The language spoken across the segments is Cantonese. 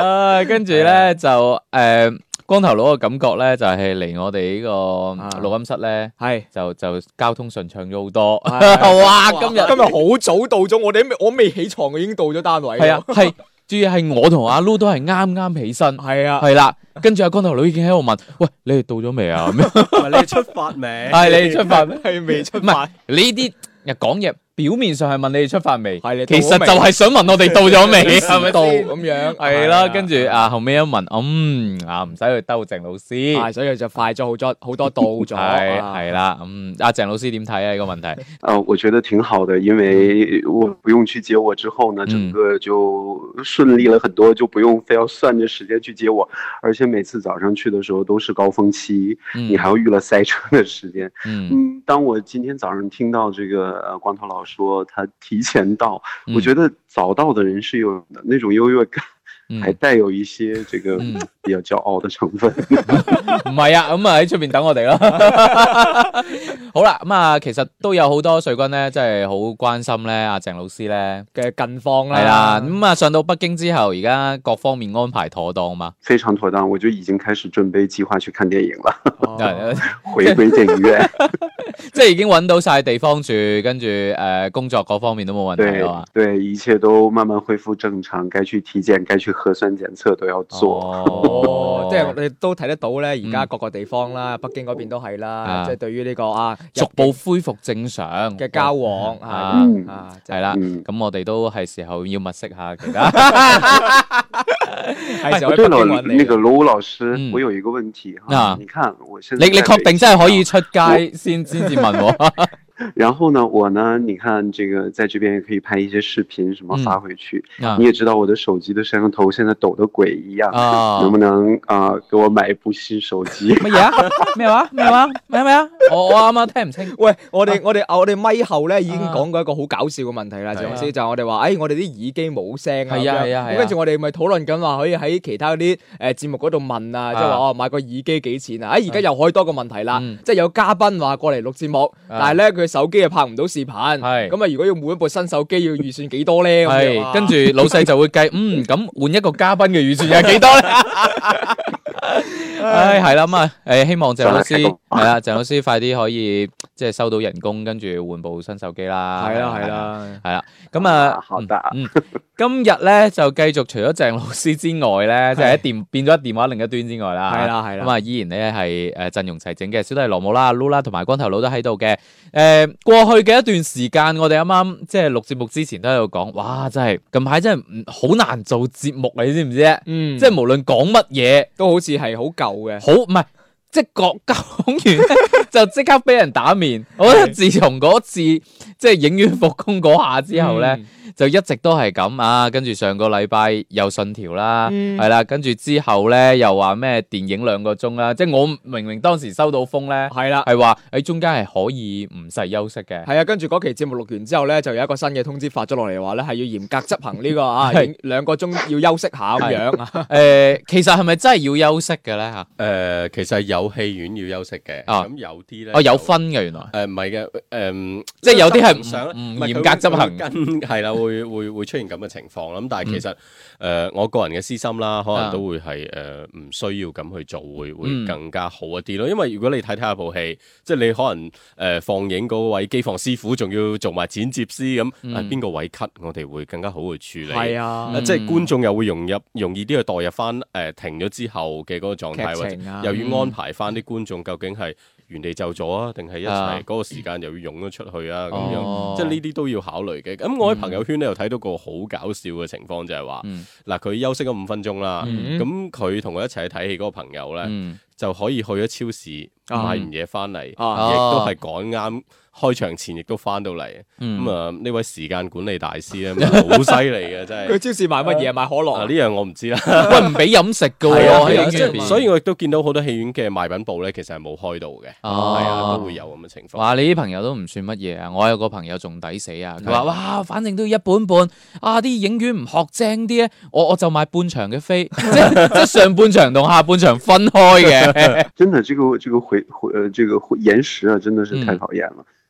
啊，跟住咧就誒，光頭佬嘅感覺咧就係嚟我哋呢個錄音室咧，係就就交通順暢咗好多。好啊，今日今日好早到咗，我哋我未起床嘅已經到咗單位。係啊，係，主要係我同阿 Lu 都係啱啱起身。係啊，係啦，跟住阿光頭佬已經喺度問：喂，你哋到咗未啊？你哋出發未？係你哋出發，係未出？唔係呢啲講嘢。表面上係問你哋出發未？係，其實就係想問我哋到咗未？係咪 到咁樣，係 啦， 跟住啊後屘一問，嗯啊唔使去兜鄭老師，係、啊，所以就快咗好多好多到咗，係 啦，咁阿鄭老師點睇啊呢、呢個問題，啊，我覺得挺好的，因為我不用去接我之後呢，整個就順利了很多，就不用非要算着時間去接我，而且每次早上去的時候都是高峰期， 你還要預了塞車的時間， 嗯，當我今天早上聽到這個光頭老師。說他提前到，嗯、我覺得早到的人是有，那種優越感，嗯、還帶有一些這個、嗯。 比較驕傲的成分，唔係啊，咁啊喺出邊等我哋咯。 好啦、啊，咁、嗯、啊，其實都有好多水軍咧，真係好關心咧、啊，阿鄭老師咧嘅近況啦。係啦、嗯，咁、嗯、啊上到北京之後，而家各方面安排妥當嘛？非常妥當，我就已經開始準備計劃去看電影啦，哦、 回歸電影院， 即係已經揾到晒地方住，跟住誒、呃、工作各方面都冇問題啦。對，一切都慢慢恢復正常，該去體檢、該去核酸檢測都要做。 哦，即係我哋都睇得到咧，而家各個地方啦，北京嗰邊都係啦，即係對於呢個啊逐步恢復正常嘅交往啊，係啦，咁我哋都係時候要物色下其他。喺出邊揾你。呢個老老師，我有一個問題。嗱，你看我，你你確定真係可以出街先先至問我？然後呢，我呢？你看這個在這邊可以拍一些視頻，什麼發回去。你也知道我的手機的攝像頭現在抖得鬼一樣。啊，能不能啊，給我買一部新手機？乜嘢啊？咩話？咩話？咩咩啊？我啱啱聽唔清。喂，我哋我哋我哋咪後咧已經講過一個好搞笑嘅問題啦，鄭老師就我哋話，誒我哋啲耳機冇聲啊。係啊係啊。咁跟住我哋咪討論緊話可以喺其他啲誒節目嗰度問啊，即係話哦買個耳機幾錢啊？誒而家又可以多個問題啦，即係有嘉賓話過嚟錄節目，但係咧佢。手機又拍唔到視頻，咁啊是如果要換一部新手機，要預算幾多咧？係是哇跟住老細就會計， 嗯咁換一個嘉賓嘅預算又係幾多咧？ 唉，係啦咁啊！誒，希望鄭老師係啦，鄭老師快啲可以即係收到人工，跟住換部新手機啦。係啦，係啦，係啦。咁啊，好得。嗯，今日咧就繼續除咗鄭老師之外咧，即係電變咗電話另一端之外啦。係啦，係啦。咁啊，依然咧係誒陣容齊整嘅，小弟羅姆啦、阿 Lu 啦同埋光頭佬都喺度嘅。誒，過去嘅一段時間，我哋啱啱即係錄節目之前都有講，哇，真係近排真係好難做節目啊，你知唔知？嗯，即係無論講乜嘢都好似。係好舊嘅，好唔係即係國家講完就即刻俾 人打面。 我覺得自從嗰次 即係影院復工嗰下之後咧。嗯就一直都係咁啊，跟住上個禮拜有信條啦，係啦，跟住之後咧又話咩電影兩個鐘啦，即係我明明當時收到風，咧，係啦，係話喺中間係可以唔使休息嘅。係啊，跟住嗰期節目錄完之後咧，就有一個新嘅通知發咗落嚟，話咧係要嚴格執行呢個啊，兩個鐘要休息下咁樣啊。誒，其實係咪真係要休息嘅咧吓？誒，其實有戲院要休息嘅啊，咁有啲咧，哦，有分嘅原來。誒，唔係嘅，誒，即係有啲係唔想嚴格執行，係啦。會會會出現咁嘅情況啦，咁但係其實誒、嗯呃、我個人嘅私心啦，可能都會係誒唔需要咁去做，會會更加好一啲咯。因為如果你睇睇下部戲，即係你可能誒、呃、放映嗰位機房師傅仲要做埋剪接師，咁邊、嗯、個位 cut，我哋會更加好去處理。係啊，嗯、即係觀眾又會融入容易啲去代入翻誒、呃、停咗之後嘅嗰個狀態，啊、或者又要安排翻啲觀眾究竟係。原地就座啊，定係一齊嗰個時間又要湧咗出去啊，咁樣即係呢啲都要考慮嘅。咁我喺朋友圈咧又睇到個好搞笑嘅情況，就係話嗱，佢休息咗五分鐘啦，咁佢同我一齊去睇戲嗰個朋友咧，就可以去咗超市買完嘢翻嚟，亦都係講啱。開場前亦都翻到嚟，咁啊呢位時間管理大師咧，好犀利嘅真係。佢超市買乜嘢？買可樂？呢樣我唔知啦，喂，唔俾飲食嘅喎。所以，我亦都見到好多戲院嘅賣品部咧，其實係冇開到嘅。啊，都會有咁嘅情況。哇，你啲朋友都唔算乜嘢啊！我有個朋友仲抵死啊，佢話：哇，反正都要一半半啊，啲影院唔學精啲啊。」我我就買半場嘅飛，即即係上半場同下半場分開嘅。真係，呢個呢個回回，呢個延時啊，真係是太討厭啦。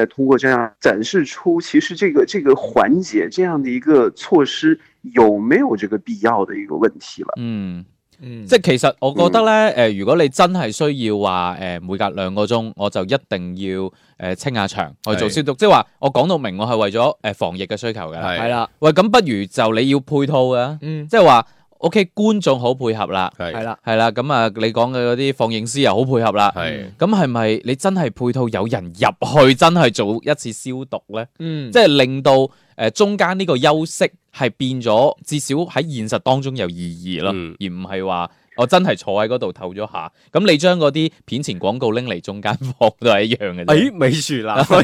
再通過這樣展示出，其實這個這個環節這樣的一個措施有沒有這個必要的一個問題了、嗯。嗯嗯，即係其實我覺得呢，誒、呃，如果你真係需要話，誒、呃，每隔兩個鐘我就一定要誒、呃、清下場去做消毒，是即係話我講到明，我係為咗誒、呃、防疫嘅需求嘅，係啦是。喂，咁不如就你要配套嘅，嗯嗯、即係話。O.K. 觀眾好配合啦，係啦的，係啦的，咁啊，你講嘅嗰啲放映師又好配合啦，係的。咁係咪你真係配套有人入去，真係做一次消毒咧？嗯，即係令到誒、呃、中間呢個休息係變咗至少喺現實當中有意義咯，嗯、而唔係話。我真係坐喺嗰度透咗下，咁你將嗰啲片前廣告拎嚟中間放都係一樣嘅。誒咪住喇，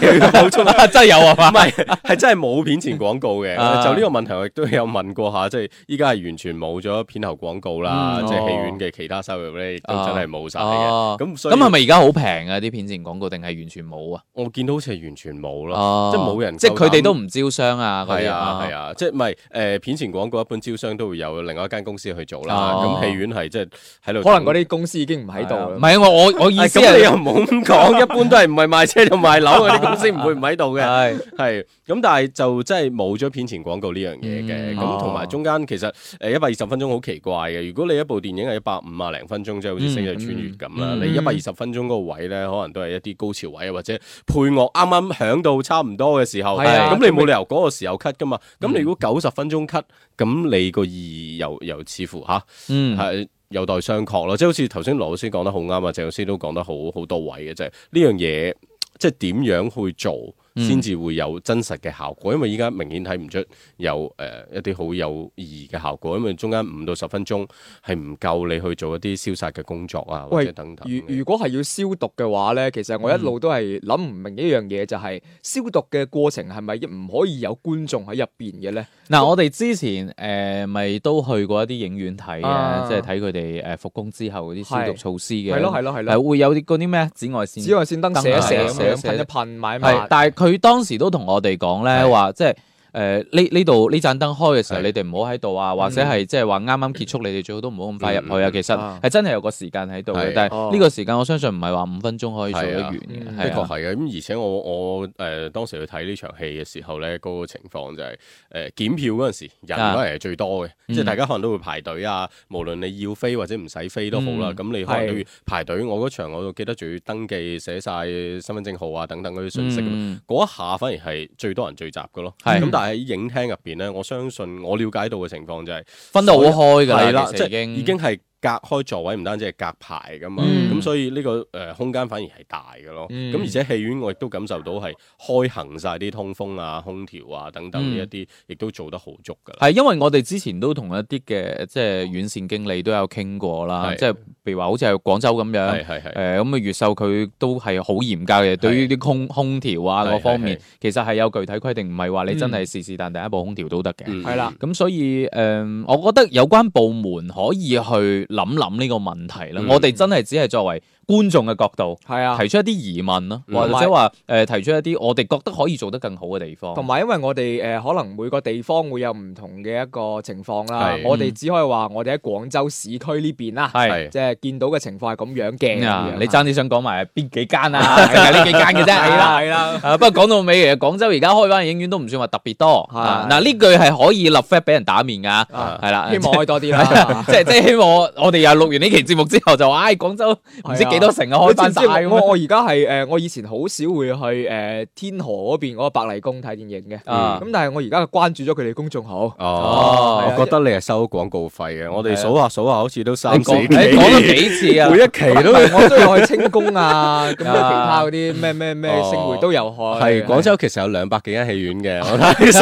真係有啊嘛？唔係，係真係冇片前廣告嘅。就呢個問題，我亦都有問過下，即係依家係完全冇咗片頭廣告啦，即係戲院嘅其他收入咧亦都真係冇晒嘅。咁咁係咪而家好平啊啲片前廣告定係完全冇啊？我見到好似係完全冇咯，即係冇人，即係佢哋都唔招商啊。係啊係啊，即係唔係誒片前廣告一般招商都會有另外一間公司去做啦。咁戲院係即係喺度，可能嗰啲公司已經唔喺度啦。唔係啊，我我我意思係，你又唔好咁講。一般都係唔係賣車同賣樓嗰啲公司，唔會唔喺度嘅。係係，咁但係就真係冇咗片前廣告呢樣嘢嘅。咁同埋中間其實誒一百二十分鐘好奇怪嘅。如果你一部電影係一百五啊零分鐘，即係好似《星際穿越》咁啦，你一百二十分鐘嗰個位咧，可能都係一啲高潮位啊，或者配樂啱啱響到差唔多嘅時候，咁你冇理由嗰個時候 cut 噶嘛？咁你如果九十分鐘 cut？咁你個意義又又似乎嚇，係、嗯啊、有待商榷咯。即係好似頭先羅老師講得好啱啊，鄭老師都講得好好到位嘅，就係呢樣嘢，即係點樣去做？先至會有真實嘅效果，因為依家明顯睇唔出有誒一啲好有意義嘅效果，因為中間五到十分鐘係唔夠你去做一啲消殺嘅工作啊，或者等等。如如果係要消毒嘅話咧，其實我一路都係諗唔明一樣嘢，就係消毒嘅過程係咪唔可以有觀眾喺入邊嘅咧？嗱，我哋之前誒咪都去過一啲影院睇嘅，即係睇佢哋誒復工之後啲消毒措施嘅，係咯係咯係咯，會有啲嗰啲咩紫外線、紫外線燈射一射，噴一噴，咪係，但係佢當時都同我哋講咧，話，即係。誒呢呢度呢盞燈開嘅時候，你哋唔好喺度啊，或者係即係話啱啱結束，你哋最好都唔好咁快入去啊。其實係真係有個時間喺度嘅，但係呢個時間我相信唔係話五分鐘可以做得完嘅。的確係嘅，咁而且我我誒當時去睇呢場戲嘅時候咧，嗰個情況就係誒檢票嗰陣時，人嗰陣係最多嘅，即係大家可能都會排隊啊。無論你要飛或者唔使飛都好啦，咁你可能都要排隊。我嗰場我都記得仲要登記寫晒身份證號啊等等嗰啲信息。嗰一下反而係最多人聚集嘅咯，咁但喺影廳入邊咧，我相信我了解到嘅情況就係、是、分得好開㗎，即係已經係。隔開座位唔單止係隔排噶嘛，咁所以呢個誒空間反而係大嘅咯。咁而且戲院我亦都感受到係開行晒啲通風啊、空調啊等等呢一啲，亦都做得好足嘅。係、嗯、因為我哋之前都同一啲嘅即係院線經理都有傾過啦，即係譬如話好似喺廣州咁樣，係係咁啊，越秀佢都係好嚴格嘅，對於啲空空調啊嗰方面，其實係有具體規定，唔係話你真係是是但第一部空調都得嘅。係啦、嗯，咁、嗯嗯嗯、所以誒，我覺得有關部門可以去。諗諗呢個問題啦，嗯、我哋真係只係作為觀眾嘅角度係啊，提出一啲疑問咯，或者話誒提出一啲我哋覺得可以做得更好嘅地方。同埋因為我哋誒可能每個地方會有唔同嘅一個情況啦，我哋只可以話我哋喺廣州市區呢邊啦，即係見到嘅情況係咁樣嘅。你爭啲想講埋邊幾間啊？就係呢幾間嘅啫。係啦係啦。不過講到尾，其實廣州而家開翻嘅影院都唔算話特別多。嗱，呢句係可以立 flag 俾人打面㗎。係啦，希望開多啲啦。即係即係希望我哋又錄完呢期節目之後就誒廣州唔知。幾多成日開翻曬，我我而家係誒，我以前好少會去誒天河嗰邊嗰個百麗宮睇電影嘅，咁但係我而家關注咗佢哋公眾號。哦，我覺得你係收廣告費嘅。我哋數下數下，好似都三四。你講咗幾次啊？每一期都我都有去青宮啊，咁其他嗰啲咩咩咩星匯都有去。係廣州其實有兩百幾間戲院嘅，我睇十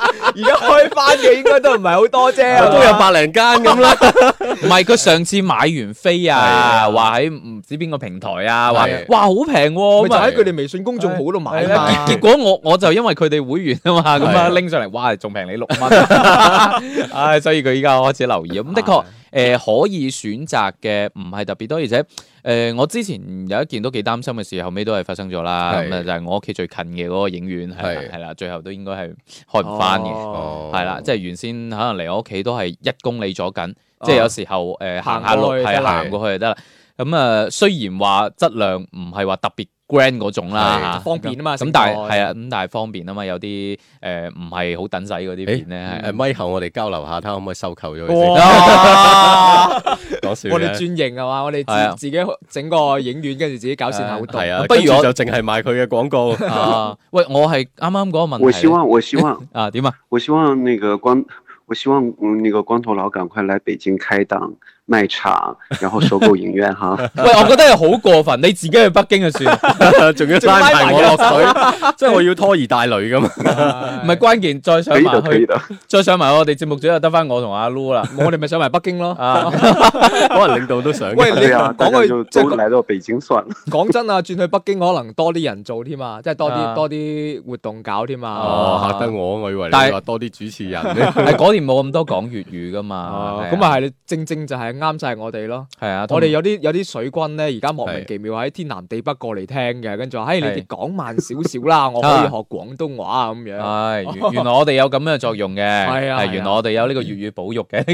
幾。而家開翻嘅應該都唔係好多啫，都有百零間咁啦。唔係，佢上次買完飛啊，話喺唔知邊個平台啊，話的哇好平，咪、啊、就喺佢哋微信公眾號嗰度買啊嘛。結果我我就因為佢哋會員啊嘛，咁啊拎上嚟，哇仲平你六蚊。唉， 所以佢依家開始留意咁， 的確。誒、呃、可以選擇嘅唔係特別多，而且誒、呃、我之前有一件都幾擔心嘅事，後尾都係發生咗啦。咁啊是、嗯、就係、是、我屋企最近嘅嗰個影院係啦是，最後都應該係開唔翻嘅。係啦、哦，即係原先可能離我屋企都係一公里左近，哦、即係有時候誒行下路係行過去就得啦。咁啊、嗯嗯、雖然話質量唔係話特別。grand 嗰種啦嚇，方便啊嘛。咁但係係啊，咁但係方便啊嘛。有啲誒唔係好等仔嗰啲片咧。咪後我哋交流下，睇下可唔可以收購咗佢先。我哋轉型啊嘛，我哋自己整個影院，跟住自己搞線後端。係啊，不如就淨係賣佢嘅廣告。啊，喂，我係啱啱嗰個問題。我希望我希望啊點啊？我希望那個光，我希望那個光頭佬趕快來北京開檔。賣場，然後收購影院吓。喂，我覺得係好過分，你自己去北京就算，仲要拉埋我落水，即係我要拖兒帶女咁。唔係關鍵，再上埋去，再上埋我哋節目組又得翻我同阿 Lu 啦。我哋咪上埋北京咯。可能領導都想。喂，你講佢即係嚟到北京算。講真啊，轉去北京可能多啲人做添嘛，即係多啲多啲活動搞添嘛。吓得我，我以為你話多啲主持人咧。係嗰年冇咁多講粵語噶嘛。咁啊係，你正正就係。啱晒我哋咯，係啊！我哋有啲有啲水軍咧，而家莫名其妙喺天南地北過嚟聽嘅，跟住誒你哋講慢少少啦，我可以學廣東話咁樣。係，原來我哋有咁樣嘅作用嘅，係原來我哋有呢個粵語保育嘅，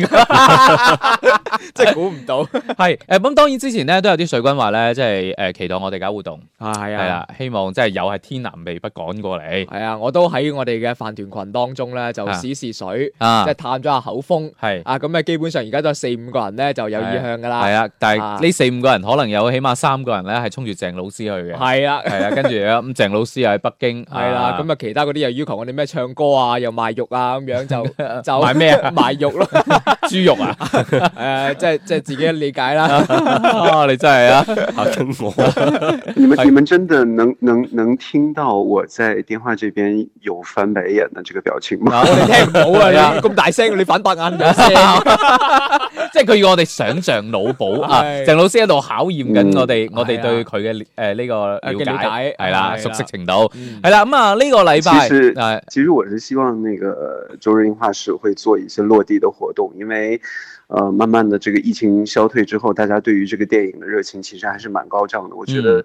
即係估唔到。係誒，咁當然之前咧都有啲水軍話咧，即係誒期待我哋搞活動啊，係啊，希望即係又係天南地北趕過嚟。係啊，我都喺我哋嘅飯團群當中咧，就試試水，即係探咗下口風，係啊，咁誒基本上而家都係四五個人咧，就有意向噶啦，係啊，但係呢四五個人可能有，起碼三個人咧係衝住鄭老師去嘅，係啊，係啊，跟住啊。咁鄭老師又喺北京，係啦，咁啊其他嗰啲又要求我哋咩唱歌啊，又賣肉啊咁樣就就賣咩啊？賣肉咯，豬肉啊，誒，即係即係自己理解啦。哇，你真係啊，嚇親我。你們你們真的能能能聽到我在電話這邊有翻白眼的這個表情嗎？我哋聽唔到啊，咁大聲你反白眼即係佢要我哋。想象腦補啊！鄭老師喺度考驗緊我哋，嗯、我哋對佢嘅誒呢個了解係啦，嗯、熟悉程度係啦。咁啊、嗯，呢個禮拜。其實，其實我是希望那個周日映畫室會做一些落地的活動，因為、呃，慢慢的這個疫情消退之後，大家對於這個電影的熱情其實還是蠻高漲的。我覺得、嗯。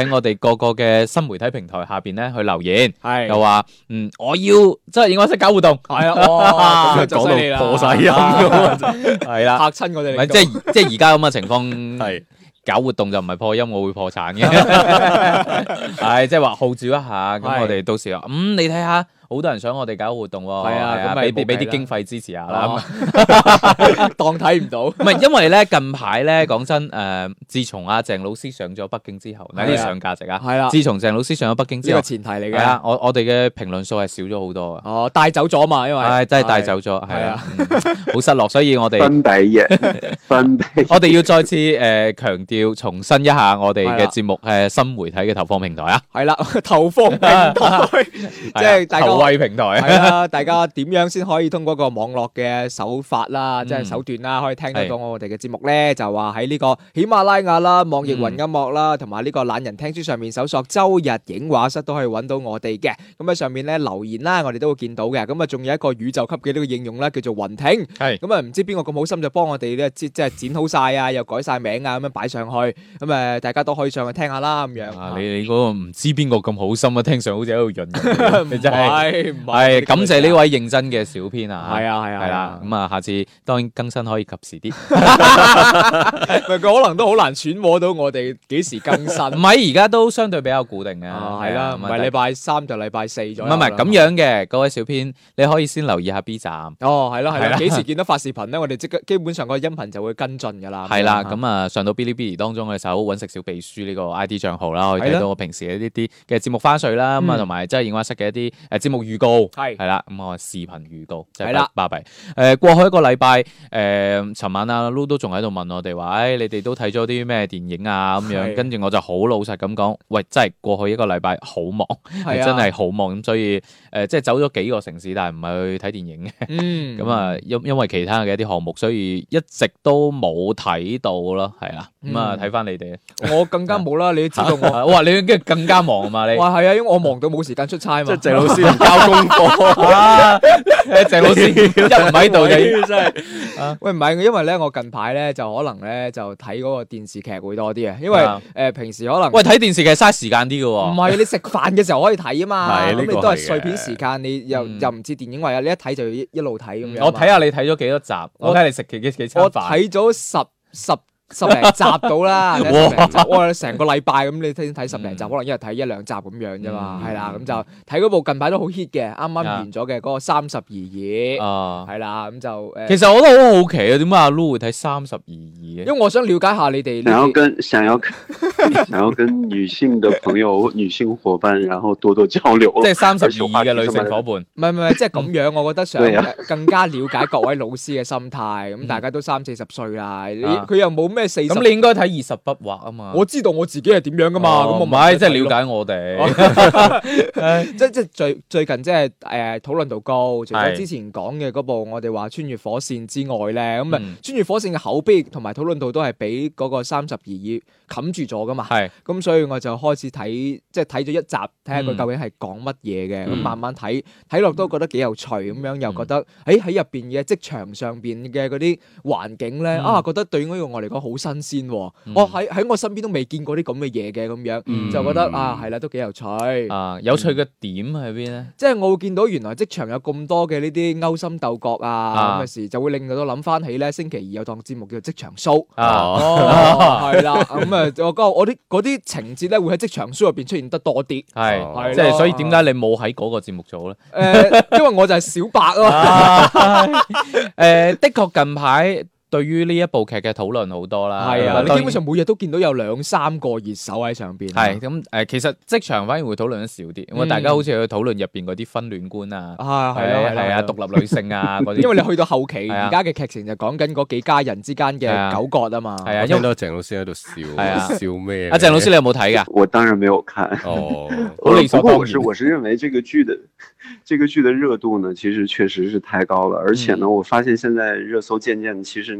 喺我哋個個嘅新媒體平台下邊咧去留言，係又話嗯我要即係應該識搞活動，係、哎、 啊，咁就講到破晒音，係啦，嚇親我哋，即係即係而家咁嘅情況，係 的搞活動就唔係破音，我會破產嘅，係 即係話號召一下，咁我哋到時啊，咁、嗯、你睇下。好多人想我哋搞活動喎，係啊，俾俾俾啲經費支持下啦，當睇唔到。唔係因為咧近排咧講真誒，自從阿鄭老師上咗北京之後，有啲上價值啊。係啦，自從鄭老師上咗北京之後，呢個前提嚟嘅。係啦，我我哋嘅評論數係少咗好多嘅。哦，帶走咗嘛，因為。係真係帶走咗，係啊，好失落，所以我哋分底嘅分我哋要再次誒強調，重申一下我哋嘅節目誒新媒體嘅投放平台啊。係啦，投放即係大貴平台係啦，大家點樣先可以通過一個網絡嘅手法啦，即係手段啦，可以聽得到我哋嘅節目咧？就話喺呢個喜馬拉雅啦、網易雲音樂啦，同埋呢個懶人聽書上面搜索週日影畫室都可以揾到我哋嘅。咁喺上面咧留言啦，我哋都會見到嘅。咁啊，仲有一個宇宙級嘅呢個應用咧，叫做雲聽。係咁啊，唔知邊個咁好心就幫我哋咧，即即係剪好晒啊，又改晒名啊，咁樣擺上去。咁誒，大家都可以上去聽下啦，咁樣。啊，你你嗰個唔知邊個咁好心啊？聽上好似喺度潤，唔係。唔係，感謝呢位認真嘅小編啊！係啊，係啊，係啦。咁啊，下次當然更新可以及時啲，佢可能都好難揣摩到我哋幾時更新。唔係而家都相對比較固定嘅，係啦，唔係禮拜三就禮拜四咗。唔係唔係咁樣嘅，各位小編，你可以先留意下 B 站。哦，係啦係啦，幾時見到發視頻咧？我哋即刻基本上個音頻就會跟進㗎啦。係啦，咁啊，上到 Bilibili 當中嘅時候，揾食小秘書呢個 ID 帳號啦，可以睇到我平時一啲啲嘅節目花絮啦，咁啊同埋即係演話室嘅一啲誒節目。預告係係啦，咁我的、嗯、視頻預告就係啦，巴閉的。誒的、呃，過去一個禮拜，誒、呃，尋晚阿 Lu 都仲喺度問我哋話，誒、哎，你哋都睇咗啲咩電影啊？咁樣，的跟住我就好老實咁講，喂，真係過去一個禮拜好忙，的真係好忙，咁所以。誒，即係走咗幾個城市，但係唔係去睇電影嘅。咁啊，因因為其他嘅一啲項目，所以一直都冇睇到咯，係啦。咁啊，睇翻你哋，我更加冇啦。你都知道我，哇，你跟更加忙啊嘛，你哇係啊，因為我忙到冇時間出差嘛。即係鄭老師唔交功課啊，鄭老師唔喺度地真係。喂，唔係，因為咧，我近排咧就可能咧就睇嗰個電視劇會多啲啊，因為誒平時可能喂睇電視劇嘥時間啲嘅喎，唔係你食飯嘅時候可以睇啊嘛，咁你都係時間你又、嗯、又唔似電影位啊，因為你一睇就要一路睇咁樣。我睇下你睇咗幾多集？我睇你食幾幾幾餐飯。我睇咗十十。十十零集到啦，哇！哇，你成個禮拜咁，你先睇十零集，可能一日睇一兩集咁樣啫嘛，係啦，咁就睇嗰部近排都好 hit 嘅，啱啱完咗嘅嗰個《三十而已》，係啦，咁就誒，其實我都好好奇啊，點解阿 Lo 會睇《三十而已》嘅？因為我想了解下你哋，想要跟想要跟女性嘅朋友、女性伙伴，然後多多交流，即係三十而已嘅女性伙伴，唔係唔係，即係咁樣，我覺得想更加了解各位老師嘅心態，咁大家都三四十歲啦，你佢又冇咩？咁你應該睇二十筆畫啊嘛！我知道我自己係點樣噶嘛，哦我，咁唔係即係了解我哋，即即最最近即係誒，討論度高，除咗之前講嘅嗰部我哋話穿越火線之外咧，咁啊穿越火線嘅口碑同埋討論度都係比嗰個三十而已。嗯嗯冚住咗噶嘛？係，咁所以我就開始睇，即係睇咗一集，睇下佢究竟係講乜嘢嘅。咁慢慢睇，睇落都覺得幾有趣。咁樣又覺得喺喺入邊嘅職場上邊嘅嗰啲環境咧，啊，覺得對於我嚟講好新鮮喎。我喺喺我身邊都未見過啲咁嘅嘢嘅咁樣，就覺得啊，係啦，都幾有趣。啊，有趣嘅點喺邊咧？即係我會見到原來職場有咁多嘅呢啲勾心鬥角啊咁嘅事，就會令到我諗翻起咧星期二有檔節目叫做《職場 show》。哦，係啦，咁啊。我嗰我啲啲情節咧，會喺職場書入邊出現得多啲。係係是，即係的，所以點解你冇喺嗰個節目做咧？誒、呃， 因為我就係小白啊。誒、 呃，的確近排。對於呢一部劇嘅討論好多啦，係啊，你基本上每日都見到有兩三個熱搜喺上邊。係咁誒，其實職場反而會討論得少啲，因為大家好似去討論入邊嗰啲婚戀觀啊，係咯，係啊，獨立女性啊啲。因為你去到後期，而家嘅劇情就講緊嗰幾家人之間嘅糾葛啊嘛。係啊，因為阿鄭老師喺度笑，係啊，笑咩？阿鄭老師你有冇睇㗎？我當然沒有看。哦，好理所當然。不過我是我是認為，這個劇的這個劇的熱度呢，其實確實是太高了。而且呢，我發現現在熱搜漸漸其實。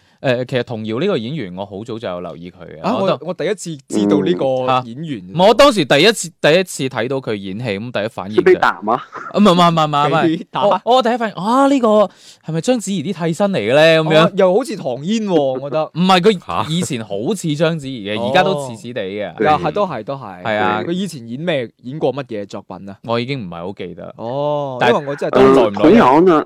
誒，其實童瑤呢個演員我好早就有留意佢嘅。我第一次知道呢個演員。我當時第一次第一次睇到佢演戲，咁第一反應。黐啖啊！唔係唔唔唔係，我第一反應啊，呢個係咪章子怡啲替身嚟嘅咧？咁樣又好似唐嫣，我覺得唔係，佢以前好似章子怡嘅，而家都似似地嘅。又係都係都係。係啊，佢以前演咩？演過乜嘢作品啊？我已經唔係好記得。哦，因為我真係都耐唔耐。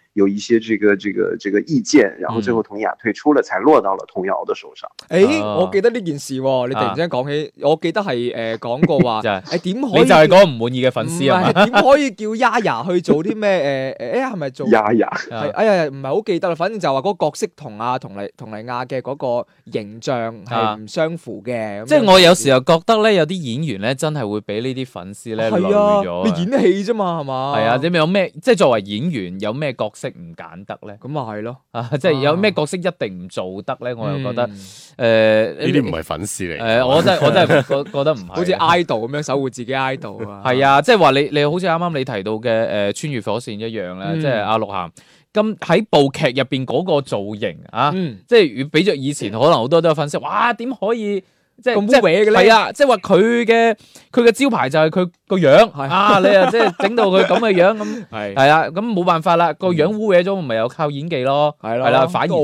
有一些這個這個這個意見，然後最後佟麗婭退出了，才落到了童瑤的手上。誒，我記得呢件事，你突然間講起，我記得係誒講過話，就係點可以就係嗰個唔滿意嘅粉絲啊？點可以叫丫丫去做啲咩誒誒係咪做丫丫？係哎呀，唔係好記得啦。反正就係話嗰個角色同阿佟麗佟麗婭嘅嗰個形象係唔相符嘅。即係我有時候覺得咧，有啲演員咧真係會俾呢啲粉絲咧累咗。你演戲啫嘛係嘛？係啊，你有咩即係作為演員有咩角色？識唔揀得咧？咁咪係咯，啊、嗯，即係有咩角色一定唔做得咧，我又覺得，誒、嗯，呢啲唔係粉絲嚟，誒，我真係、呃、我真係覺得唔係， 好似 idol 咁樣守護自己 idol 啊，係 啊，即係話你，你好似啱啱你提到嘅，誒、呃，穿越火線一樣咧，嗯、即係阿鹿晗，咁、啊、喺部劇入邊嗰個造型啊，即係比着以前可能好多都有粉絲，哇，點可以？即係咁嘅咧？係啊，即係話佢嘅佢嘅招牌就係佢個樣，係啊，你啊，即係整到佢咁嘅樣咁，係啊，咁冇辦法啦，個樣污歪咗，咪又靠演技咯，係啦，反而就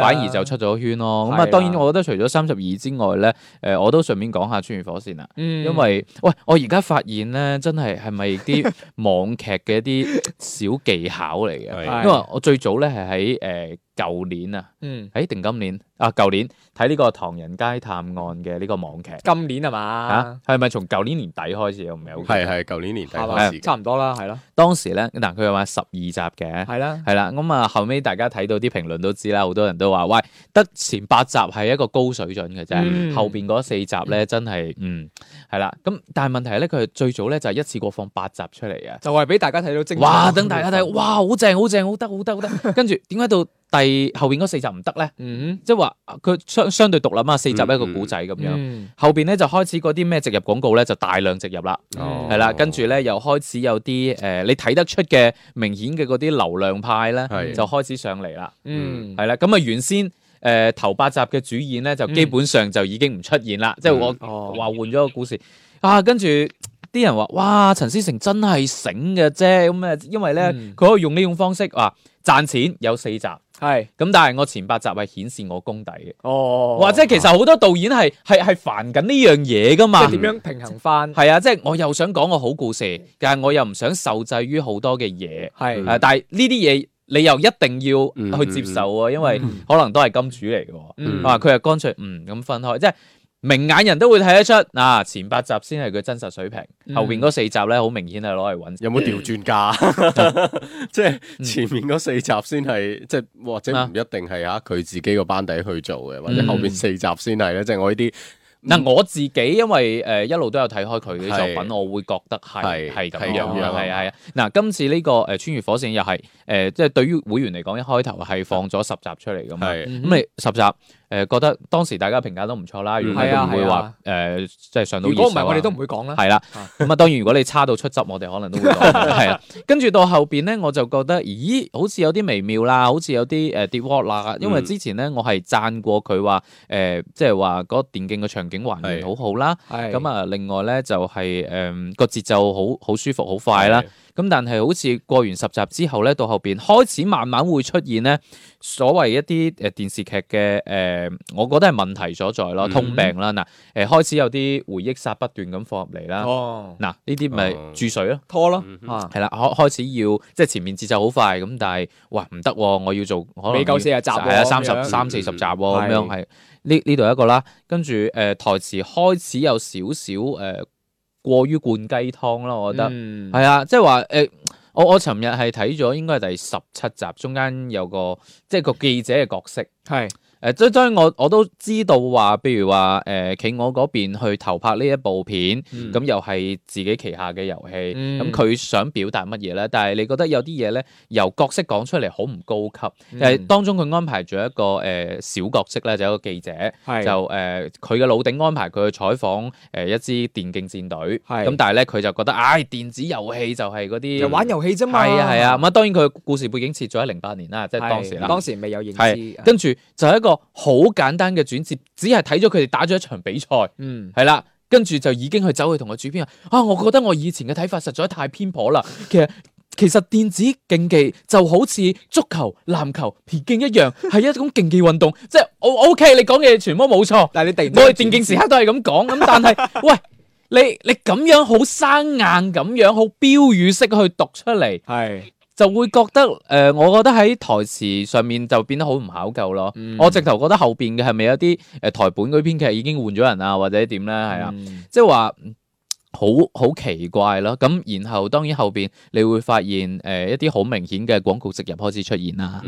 反而就出咗圈咯。咁啊，當然我覺得除咗三十二之外咧，誒，我都順便講下《穿越火線》啦，因為喂，我而家發現咧，真係係咪啲網劇嘅一啲小技巧嚟嘅？因為我最早咧係喺誒。舊年啊，嗯，誒定今年啊？舊年睇呢個《唐人街探案》嘅呢個網劇，今年係嘛？嚇、啊，係咪從舊年年底開始有唔有嘅？係係，舊年年底開始，差唔多啦，係咯。當時咧，嗱佢話十二集嘅，係啦的，係啦。咁、嗯、啊，後尾大家睇到啲評論都知啦，好多人都話，喂，得前八集係一個高水準嘅啫，嗯、後邊嗰四集咧真係，嗯，係啦。咁但係問題咧，佢最早咧就係一次過放八集出嚟啊，就係俾大家睇到精彩。哇！等大家睇，哇，好正，好正，好得，好得，好得。跟住點解到？ 第後邊嗰四集唔得咧，mm hmm. 即係話佢相相對獨立啊，四集一個古仔咁樣。Mm hmm. 後邊咧就開始嗰啲咩植入廣告咧，就大量植入啦，係啦、mm。跟住咧又開始有啲誒、呃，你睇得出嘅明顯嘅嗰啲流量派咧，mm hmm. 就開始上嚟啦。係啦、mm，咁、hmm. 啊原先誒、呃、頭八集嘅主演咧，就基本上就已經唔出現啦。Mm hmm. 即係我話換咗個故事啊，跟住啲人話哇，陳思成真係醒嘅啫咁啊，因為咧佢可以用呢種方式話賺錢有四集。係，咁是但係我前八集係顯示我功底嘅。哦，或者其實好多導演係係係煩緊呢樣嘢噶嘛。即係點樣平衡翻？係、嗯、啊，即係我又想講個好故事，但係我又唔想受制於好多嘅嘢。係是、嗯啊，但係呢啲嘢你又一定要去接受啊，因為可能都係金主嚟嘅。啊、嗯，佢係乾脆唔咁、嗯、分開，即係。明眼人都會睇得出，嗱，前八集先係佢真實水平，後邊嗰四集咧好明顯係攞嚟揾，有冇調轉價？即係前面嗰四集先係，即係或者唔一定係啊，佢自己個班底去做嘅，或者後邊四集先係咧，即係我呢啲。嗱我自己因為誒一路都有睇開佢啲作品，我會覺得係係咁樣樣，係啊。嗱，今次呢個誒穿越火線又係。誒，即係對於會員嚟講，一開頭係放咗十集出嚟㗎嘛，咁你十集誒覺得當時大家評價都唔錯啦。如果唔會話誒，即係上到二十集，我唔係我哋都唔會講啦。係啦，咁啊當然，如果你差到出汁，我哋可能都會講。係啊，跟住到後邊咧，我就覺得咦，好似有啲微妙啦，好似有啲誒跌鍋啦。因為之前咧，我係讚過佢話誒，即係話嗰電競嘅場景環境好好啦。咁啊，另外咧就係誒個節奏好好舒服好快啦。咁但係好似過完十集之後咧，到後邊開始慢慢會出現咧，所謂一啲誒電視劇嘅誒，我覺得係問題所在咯，通病啦。嗱、嗯，誒、呃、開始有啲回憶殺不斷咁放入嚟啦。哦，嗱呢啲咪注水咯，哦、拖咯，係啦，開始要即係前面節奏好快咁，但係哇唔得，我要做，可能幾九四廿集係啦、啊，三十三四十集咁、嗯、是樣係。呢呢度一個啦，跟住誒台詞開始有少少誒過於灌雞湯咯，我覺得係啊，即係話誒。 嗯 哦、我我尋日係睇咗，應該係第十七集，中間有個，即係個記者嘅角色，係。誒，即係當然，我我都知道話，譬如話誒，企鵝嗰邊去投拍呢一部片，咁、嗯、又係自己旗下嘅遊戲，咁佢、嗯、想表達乜嘢咧？但係你覺得有啲嘢咧，由角色講出嚟好唔高級，誒、就是、當中佢安排咗一個誒、呃、小角色咧，就是、一個記者，嗯、就誒佢嘅老頂安排佢去採訪誒一支電競戰隊，咁、嗯嗯、但係咧佢就覺得，唉，電子遊戲就係嗰啲玩遊戲啫嘛，係啊係啊。咁啊，當然佢故事背景設咗喺零八年啦，即、就、係、是、當時啦，當時未有認知。跟住就係一個。好簡單嘅轉接，只係睇咗佢哋打咗一場比賽，嗯，係啦，跟住就已經去走去同個主編啊，啊，我覺得我以前嘅睇法實在太偏頗啦，其實其實電子競技就好似足球、籃球、田徑一樣，係一種競技運動， 即係 OK，你講嘅全部冇錯，但係你哋我哋電競時刻都係咁講，咁 但係喂，你你咁樣好生硬，咁樣好標語式去讀出嚟，係。就會覺得誒、呃，我覺得喺台詞上面就變得好唔考究咯。嗯、我直頭覺得後邊嘅係咪有啲誒、呃、台本嗰啲編劇已經換咗人啊，或者點咧？係啊，嗯、即係話好好奇怪咯。咁然後當然後邊你會發現誒、呃、一啲好明顯嘅廣告植入開始出現啦。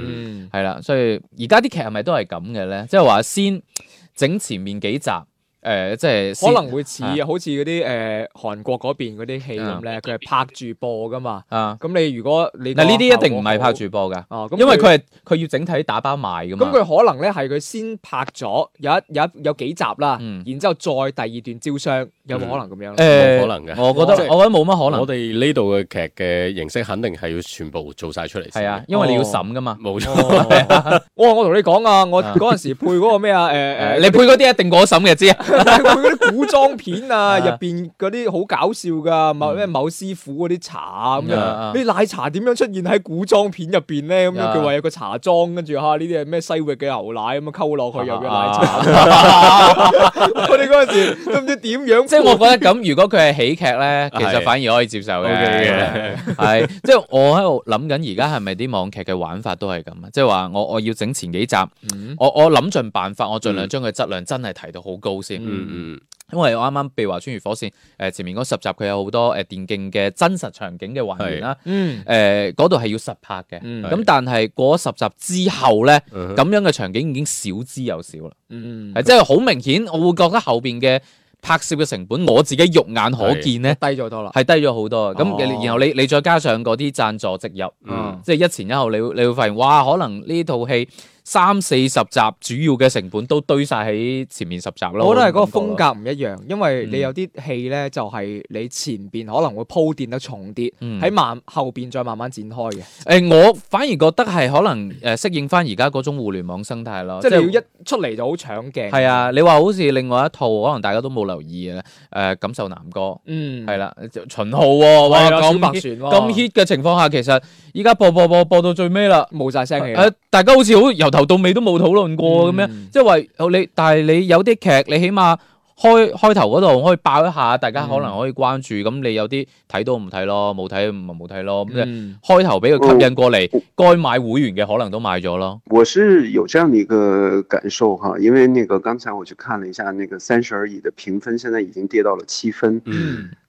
係啦、嗯，所以而家啲劇係咪都係咁嘅咧？即係話先整前面幾集。誒，即係可能會似好似嗰啲誒韓國嗰邊嗰啲戲咁咧，佢係拍住播噶嘛。啊，咁你如果你嗱呢啲一定唔係拍住播噶。哦，因為佢係佢要整體打包賣噶嘛。咁佢可能咧係佢先拍咗有一有一有幾集啦，然之後再第二段招商有冇可能咁樣？誒，冇可能嘅。我覺得我覺得冇乜可能。我哋呢度嘅劇嘅形式肯定係要全部做晒出嚟。係啊，因為你要審噶嘛。冇錯。我我同你講啊，我嗰陣時配嗰個咩啊？誒誒，你配嗰啲一定過審嘅，知啊？佢嗰啲古裝片啊，入邊嗰啲好搞笑噶，某咩某師傅嗰啲茶咁樣啲奶茶點樣出現喺古裝片入邊咧？咁樣佢話有個茶莊，跟住吓呢啲係咩西域嘅牛奶咁樣溝落去有個奶茶。我哋嗰陣時都唔知點樣。即係我覺得咁，如果佢係喜劇咧，其實反而可以接受嘅。係，即係我喺度諗緊，而家係咪啲網劇嘅玩法都係咁啊？即係話我我要整前幾集，我我諗盡辦法，我盡量將佢質量真係提到好高先。嗯嗯，mm hmm. 因為我啱啱譬如話穿越火線，誒前面嗰十集佢有好多誒電競嘅真實場景嘅還原啦，嗯、mm，誒嗰度係要實拍嘅，咁、mm hmm. 但係過咗十集之後咧，咁、mm hmm. 樣嘅場景已經少之又少啦，嗯、mm，係即係好明顯，我會覺得後邊嘅拍攝嘅成本，我自己肉眼可見咧是低咗多啦，係低咗好多，咁、oh. 然後你你再加上嗰啲贊助植入，mm hmm. 即係一前一後，你會你會發現，哇，可能呢套戲。三四十集主要嘅成本都堆晒喺前面十集咯。我覺得係嗰個風格唔一樣，嗯、因為你有啲戲咧就係你前邊可能會鋪墊得重啲，喺慢、嗯、後邊再慢慢展開嘅。誒、呃，我反而覺得係可能誒適應翻而家嗰種互聯網生態咯。即係你要一出嚟就好搶鏡。係啊，你話好似另外一套可能大家都冇留意嘅咧。誒、呃，錦繡南歌。嗯，係啦、啊，秦昊、哦、哇講、啊、小白船咁、哦、hit 嘅情況下，其實依家播播播播，播到最尾啦，冇晒聲嘅。誒、呃，大家好似好從頭到尾都冇討論過咁樣，嗯、即係話你，但係你有啲劇，你起碼開開頭嗰度可以爆一下，大家可能可以關注。咁、嗯、你有啲睇都唔睇咯，冇睇咪冇睇咯。咁就、嗯、開頭俾佢吸引過嚟，該、嗯、買會員嘅可能都買咗咯。我是有這樣的一個感受哈，因為那個剛才我去看了一下，那個《三十而已》的評分現在已經跌到了七分。嗯。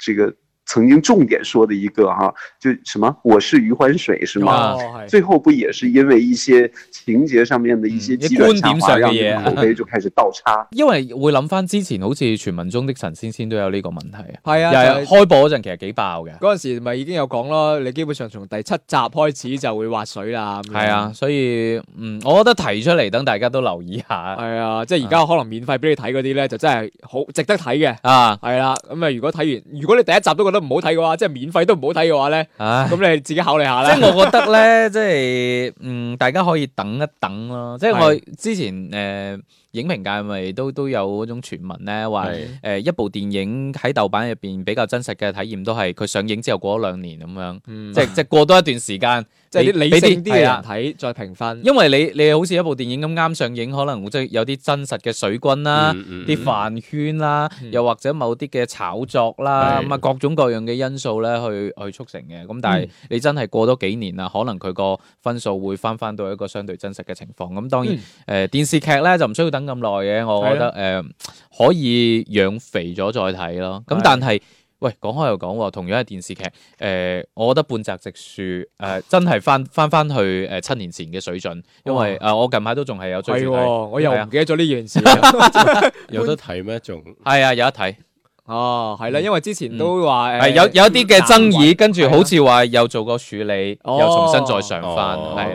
這個。曾經重點說的一個哈、啊，就什麼我是余歡水是嗎？Oh, 是最後不也是因為一些情節上面的一些觀點、嗯、上嘅嘢，後尾就開始倒插？ 因為會諗翻之前好似傳聞中的陳芊芊都有呢個問題 啊。係、嗯、以開播嗰陣其實幾爆嘅，嗰陣 時咪已經有講咯，你基本上從第七集開始就會划水啦。係 啊，所以嗯，我覺得提出嚟等大家都留意下。係 啊，即係而家可能免費俾你睇嗰啲咧，就真係好值得睇嘅啊。係啦，咁 啊，如果睇完，如果你第一集都覺得，唔好睇嘅話，即係免費都唔好睇嘅話咧，咁唉 你自己考慮下咧。即係我覺得咧， 即係嗯，大家可以等一等咯。即係我之前誒。是的 呃影評界，咪都都有嗰種傳聞咧，話誒，一部電影喺豆瓣入邊比較真實嘅體驗都係佢上映之後過咗兩年咁樣，嗯、即係即係過多一段時間，即係你理性啲嘅人睇，啊，再評分。因為你你好似一部電影咁啱上映，可能即係有啲真實嘅水軍啦、啲飯、嗯嗯、圈啦，嗯、又或者某啲嘅炒作啦，咁啊，嗯、各種各樣嘅因素咧去去促成嘅。咁、嗯、但係你真係過多幾年啦，可能佢個分數會翻翻到一個相對真實嘅情況，咁當然誒、呃、電視劇咧就唔需要等咁耐嘅，我覺得誒可以養肥咗再睇咯。咁但係，喂，講開又講，同樣係電視劇誒，我覺得《半澤直樹》誒、呃、真係翻翻翻去誒七年前嘅水準，哦、因為誒、呃、我近排都仲係有追。係我又唔記得咗呢件事。有得睇咩？仲係啊，有得睇。哦，係啦，因為之前都話誒，有有一啲嘅爭議，跟住好似話又做過處理，又重新再上翻，係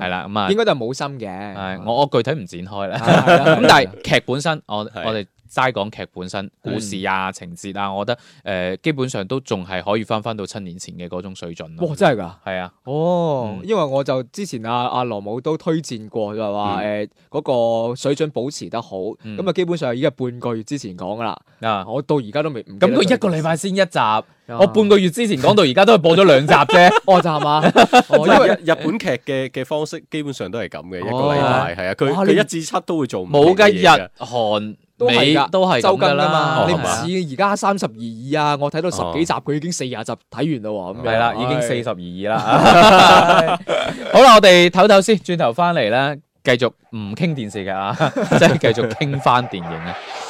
係啦，咁啊，應該就係冇心嘅。係我我具體唔展開啦。咁但係劇本身，我我哋。齋講劇本身故事啊、情節啊，我覺得誒基本上都仲係可以翻翻到七年前嘅嗰種水準。哇！真係噶。係啊，哦，因為我就之前阿啊羅姆都推薦過就話誒嗰個水準保持得好，咁啊基本上已經係半個月之前講噶啦，嗱我到而家都未，咁都一個禮拜先一集，我半個月之前講到而家都係播咗兩集啫，二集嘛，因為日本劇嘅嘅方式基本上都係咁嘅一個禮拜，係啊，佢佢一至七都會做冇嘅日韓。你都係周更啊嘛，你唔似而家三十而已啊，我睇到十幾集佢已經四十集睇完啦喎，咁樣係啦，已經四十而已啦。 好啦，我哋唞唞先，轉頭翻嚟咧，繼續唔傾電視劇啊，即係繼續傾翻電影啊。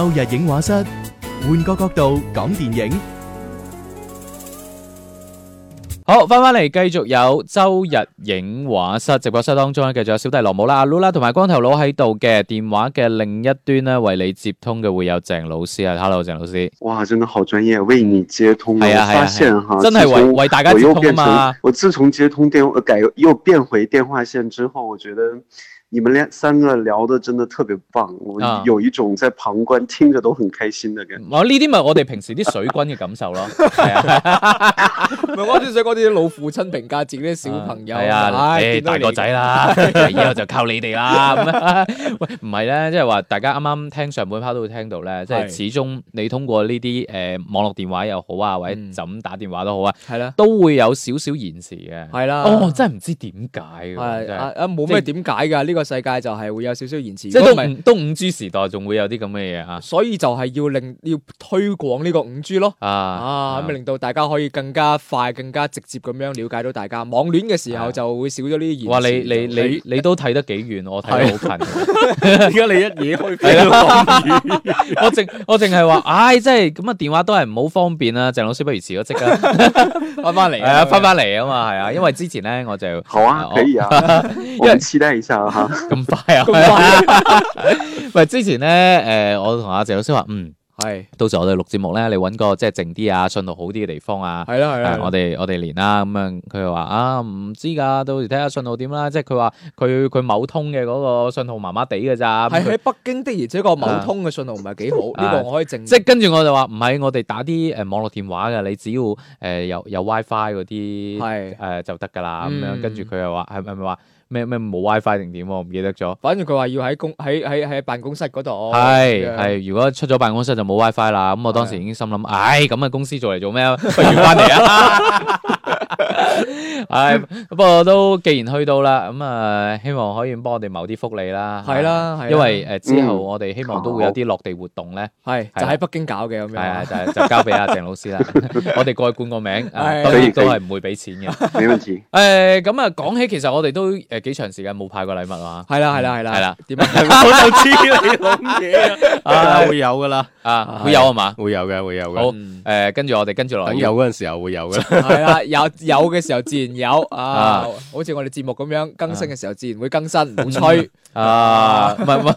周日影畫室，換個角度講電影。好，翻翻嚟繼續有周日影畫室直播室當中咧，繼續有小弟羅姆啦、阿露啦同埋光頭佬喺度嘅電話嘅另一端咧，為你接通嘅會有鄭老師啊，Hello，鄭老師。哇，真係好專業，為你接通。係啊係啊，發現，真係為為大家接通啊嘛我。我自從接通電話又變回電話線之後，我覺得。你們倆三個聊得真的特別棒，我有一種在旁觀聽着都很開心嘅感覺。唔呢啲咪我哋平時啲水軍嘅感受咯。唔係我只想講啲老父親評價自己啲小朋友。係啊，大個仔啦，以後就靠你哋啦。喂，唔係咧，即係話大家啱啱聽上半 part 都會聽到咧，即係始終你通過呢啲誒網絡電話又好啊，或者就咁打電話都好啊，係啦，都會有少少延遲嘅。係啦，哦，真係唔知點解，係啊，冇咩點解噶呢個。個世界就係會有少少延遲，即係都五 G 時代，仲會有啲咁嘅嘢啊！所以就係要令要推廣呢個五 G 咯，啊啊，令到大家可以更加快、更加直接咁樣了解到大家網戀嘅時候就會少咗呢啲延遲。哇！你你你你都睇得幾遠，我睇得好近。點解你一嘢開翻到網戀，我淨我淨係話，唉，真係咁啊！電話都係唔好方便啊。鄭老師不如辭咗職啊，翻翻嚟啊，翻翻嚟啊嘛，係啊，因為之前咧我就好啊，可以啊，我期待一下咁快啊！咁快之前咧，誒，我同阿謝老師話，嗯，係到時我哋錄節目咧，你搵個即係靜啲啊，信號好啲嘅地方啊，係咯係，我哋我哋連啦，咁樣佢話啊，唔知噶，到時睇下信號點啦，即係佢話佢佢某通嘅嗰個信號麻麻地噶咋，係喺北京的而且個某通嘅信號唔係幾好，呢個我可以證。即係跟住我就話唔係，我哋打啲誒網絡電話嘅，你只要誒有有 WiFi 嗰啲係誒就得噶啦，咁樣跟住佢又話係咪係咪話？咩咩冇 WiFi 定點？唔記得咗。反正佢話要喺公喺喺喺辦公室嗰度。係係是 Yeah.，如果出咗辦公室就冇 WiFi 啦。咁我當時已經心諗，唉 Yeah.、哎，咁啊公司做嚟做咩？ 不如翻嚟啊！ 係，不過都既然去到啦，咁啊，希望可以幫我哋謀啲福利啦。係啦，因為誒，之後我哋希望都會有啲落地活動咧。係，就喺北京搞嘅，咁樣。係啊，就就交俾阿鄭老師啦。我哋過去冠個名，當然都係唔會俾錢嘅。誒，咁啊，講起其實我哋都誒，幾長時間冇派過禮物啊？係啦，係啦，係啦，係啦。點啊？我就知你講嘢啊！會有噶啦，啊，會有啊嘛？會有嘅，會有嘅。好，誒，跟住我哋跟住落。等有嗰陣時候會有嘅。係啦，有有嘅時候自然。有啊，好似我哋節目咁樣更新嘅時候，自然會更新。唔好吹啊，唔係唔係，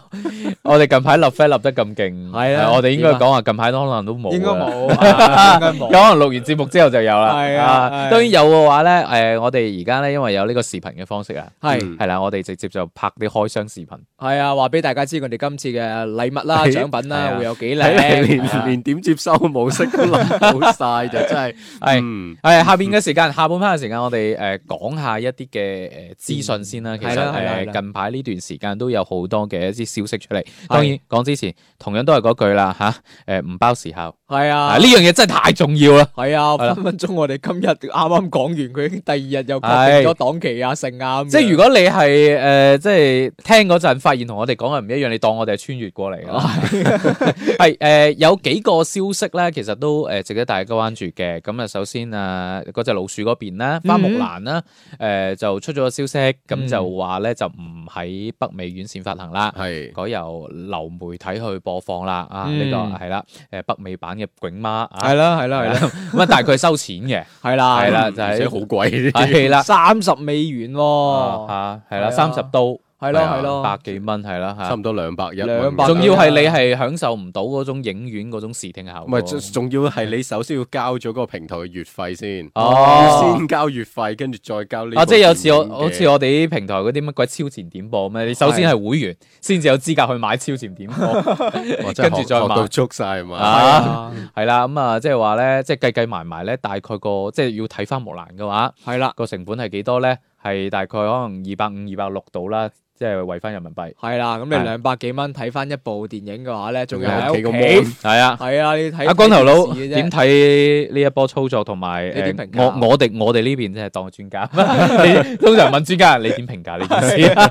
我哋近排立 flag 立得咁勁，係啊，我哋應該講話近排都可能都冇，應該冇，有可能錄完節目之後就有啦。係啊，當然有嘅話咧，誒，我哋而家咧，因為有呢個視頻嘅方式啊，係係啦，我哋直接就拍啲開箱視頻。係啊，話俾大家知我哋今次嘅禮物啦、獎品啦會有幾靚，連連點接收模式都冇晒就真係係。誒下邊嘅時間，下半 part 嘅時間我哋。誒，講、呃、下一啲嘅誒資訊先啦、啊。其實誒，嗯、近排呢段時間都有好多嘅一啲消息出嚟。的當然講之前，同樣都係嗰句啦，吓，誒唔包時候。係啊，呢樣嘢真係太重要啦。係啊的，的分分鐘我哋今日啱啱講完，佢已經第二日又定咗檔期啊，成啊的。即係如果你係誒、呃，即係聽嗰陣發現同我哋講嘅唔一樣，你當我哋係穿越過嚟。係誒、哦 呃，有幾個消息咧，其實都誒值得大家關注嘅。咁啊，首先啊，嗰隻老鼠嗰邊啦，花木。難啦，誒 就、嗯、出咗個消息，咁就話咧就唔喺北美院線發行啦，係改、嗯、由流媒體去播放啦，嗯、啊呢、這個係啦，誒北美版嘅囧媽係啦係啦係啦，咁、嗯、啊 但係佢係收錢嘅，係啦係啦，就係好貴啲，係啦三十美元喎、哦，吓係啦三十刀。係咯，係咯，百幾蚊係啦，差唔多兩百一。兩百仲要係你係享受唔到嗰種影院嗰種視聽效果。唔係，仲要係你首先要交咗嗰個平台嘅月費先。哦，先交月費，跟住再交呢。啊，即係有次我好似我哋啲平台嗰啲乜鬼超前點播咩？你首先係會員先至有資格去買超前點播，跟住再買。學到足晒，係嘛？係啦，咁啊，即係話咧，即係計計埋埋咧，大概個即係要睇翻木蘭嘅話，係啦，個成本係幾多咧？係大概可能二百五、二百六到啦。即係為翻人民幣，係啦。咁你兩百幾蚊睇翻一部電影嘅話咧，仲的有喺屋企，係啊，係啊。你睇阿光頭佬點睇呢一波操作同埋、呃？我我哋我哋呢邊即係當專家， 你通常問專家，你點評價呢件事？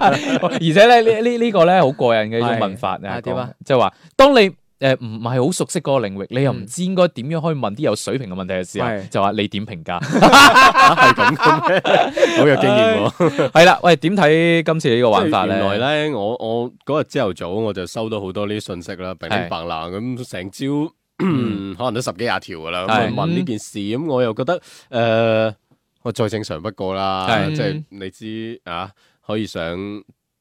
而且咧呢、這個這個、呢呢個咧好過癮嘅一種問法的啊，點、就、啊、是？即係話當你。誒唔係好熟悉嗰個領域，嗯、你又唔知應該點樣可以問啲有水平嘅問題嘅時候，是就話你點評價？係 咁、啊，好有、 嗯、經驗喎。係 啦、哎，喂，點睇今次呢個玩法？原來咧，我我嗰日朝頭早我就收到好多呢啲信息啦，乒乒乓啷咁成朝，可能都十幾廿條㗎啦。咁問呢件事，咁、嗯、我又覺得誒、呃，我再正常不過啦。即係、嗯、你知啊，可以上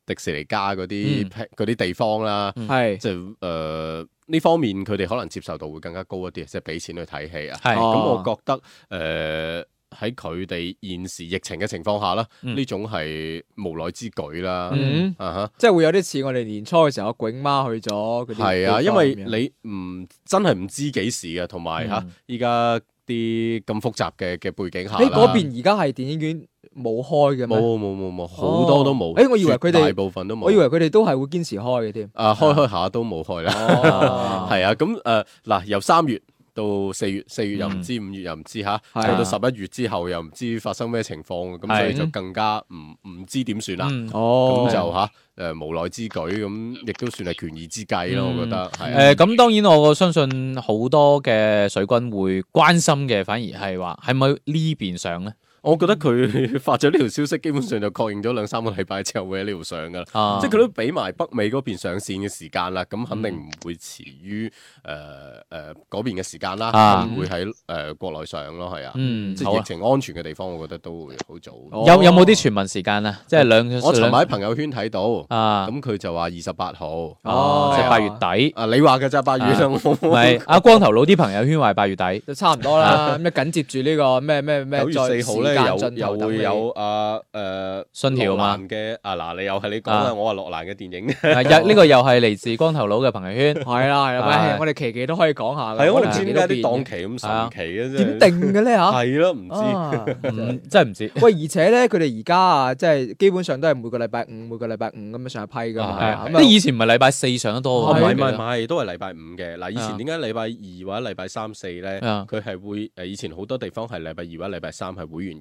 迪士尼家嗰啲啲地方啦，係、嗯、即係誒。呃呢方面佢哋可能接受度會更加高一啲，即係俾錢去睇戲啊。係咁是，哦、我覺得誒，喺佢哋現時疫情嘅情況下啦，呢、嗯、種係無奈之舉啦。嗯、啊哈，即係會有啲似我哋年初嘅時候，我囧媽去咗。係啊，因為你唔真係唔知幾時嘅，同埋吓依家啲咁複雜嘅嘅背景下，你嗰邊而家係電影院。冇開嘅咩？冇冇冇冇，好多都冇。誒，我以為佢哋大部分都冇。我以為佢哋都係會堅持開嘅添。啊，開開下都冇開啦。係啊，咁誒嗱，由三月到四月，四月又唔知，五月又唔知吓，到到十一月之後又唔知發生咩情況，咁所以就更加唔唔知點算啦。哦，咁就吓誒無奈之舉，咁亦都算係權宜之計咯。我覺得係誒，咁當然，我相信好多嘅水軍會關心嘅，反而係話係咪呢邊上咧？我覺得佢發咗呢條消息，基本上就確認咗兩三個禮拜之後會喺呢度上噶啦，即係佢都俾埋北美嗰邊上線嘅時間啦，咁肯定唔會遲於誒誒嗰邊嘅時間啦，會喺誒國內上咯。係啊，即係疫情安全嘅地方，我覺得都會好早。有有冇啲傳聞時間啊？即係兩我尋日喺朋友圈睇到，咁佢就話二十八號，即係八月底。啊，你話嘅就八月底。唔係阿光頭佬啲朋友圈話係八月底，就差唔多啦。咁啊緊接住呢個咩咩咩九月四號咧？又又會有啊誒信條文嘅啊嗱，你又係你講啦，我話諾蘭嘅電影，係啊呢個又係嚟自光頭佬嘅朋友圈，係啊係啊，我哋期期都可以講下嘅，係我哋知點解啲檔期咁神奇嘅啫？點定嘅咧嚇？係咯，唔知，真係唔知。喂，而且咧，佢哋而家啊，即係基本上都係每個禮拜五，每個禮拜五咁樣上一批㗎嘛。係，以前唔係禮拜四上得多嘅，唔係唔係都係禮拜五嘅。嗱，以前點解禮拜二或者禮拜三四咧，佢係會誒？以前好多地方係禮拜二或者禮拜三係會員。